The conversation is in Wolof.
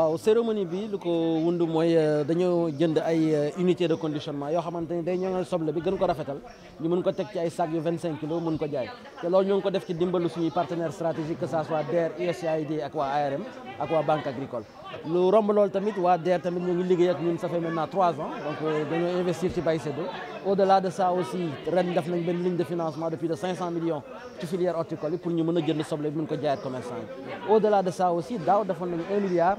waaw cérémonie bi lu ko wund mooy euh, dañoo jënd ay euh, unité de conditionnement yoo xamante ni day ñoŋal soble bi gën ko rafetal ñu mën ko teg ci ay sacs yu 25 kilos ko jaay te loolu ñoo ngi ci dimbalu lu romb loolu tamit waa DER tamit ñu ngi liggéey ak ñun euh, ci Baye au delà de ça aussi ren def nañ benn ligne de financement de plus de 500 ci filière horticole yi pour ñu mën a jënd soble bi mën ko jaayaat commerçant au delà de ça aussi daaw defoon nañ 1 milliard